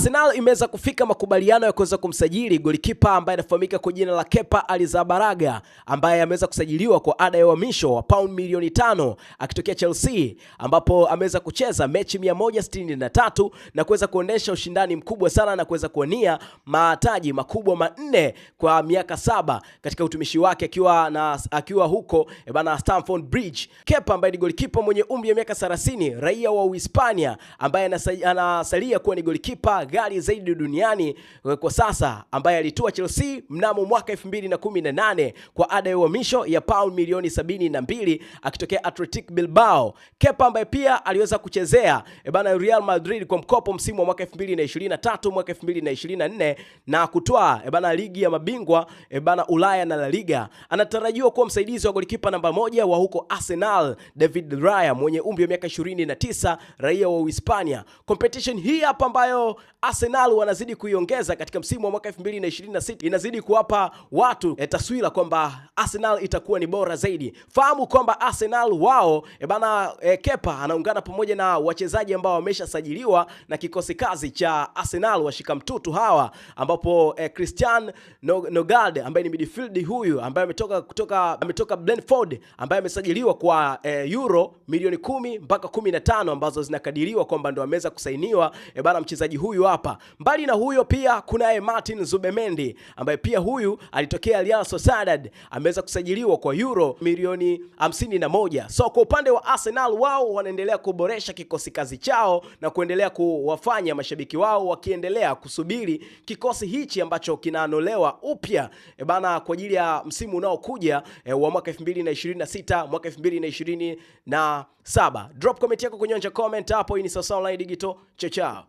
Arsenal imeweza kufika makubaliano ya kuweza kumsajili golikipa ambaye anafahamika kwa jina la Kepa Arrizabalaga ambaye ameweza kusajiliwa kwa ada ya uhamisho wa pound milioni tano akitokea Chelsea, ambapo ameweza kucheza mechi 163 na kuweza kuonesha ushindani mkubwa sana na kuweza kuwania mataji makubwa manne kwa miaka saba katika utumishi wake akiwa na akiwa huko eh, bana Stamford Bridge. Kepa ambaye ni golikipa mwenye umri wa miaka 30 raia wa Uhispania ambaye anasalia kuwa ni golikipa ghali zaidi duniani eh, kwa sasa, ambaye alitua Chelsea mnamo mwaka 2018 kwa ada ya uhamisho ya pauni milioni 72 akitokea Athletic Bilbao. Kepa ambaye pia aliweza kuchezea eh, bana Real Madrid kwa mkopo msimu wa mwaka 2023 mwaka 2024 na kutoa eh, bana ligi ya mabingwa bana Ulaya na La Liga, anatarajiwa kuwa msaidizi wa golikipa namba moja wa huko Arsenal David Raya mwenye umri wa miaka 29 raia wa Uhispania. Competition hii hapa ambayo Arsenal wanazidi kuiongeza katika msimu wa mwaka 2026, inazidi kuwapa watu e, taswira kwamba Arsenal itakuwa ni bora zaidi. Fahamu kwamba Arsenal wao e, bana e, Kepa anaungana pamoja na wachezaji ambao wameshasajiliwa na kikosi kazi cha Arsenal washika mtutu hawa, ambapo e, Christian Nogard ambaye ni midfield huyu ambaye ametoka kutoka ametoka Brentford ambaye amesajiliwa kwa e, euro milioni kumi mpaka 15 ambazo zinakadiriwa kwamba ndo ameweza kusainiwa e, bana mchezaji huyu hapa. Mbali na huyo pia kunaye Martin Zubemendi ambaye pia huyu alitokea Real Sociedad, ameweza kusajiliwa kwa euro milioni 51. So kwa upande wa Arsenal, wao wanaendelea kuboresha kikosi kazi chao na kuendelea kuwafanya mashabiki wao wakiendelea kusubiri kikosi hichi ambacho kinaanolewa upya e bana kwa ajili ya msimu unaokuja e, wa mwaka 2026 mwaka 2027. Drop comment yako onja comment hapo. Hii ni Sasa Online Digital chao chao.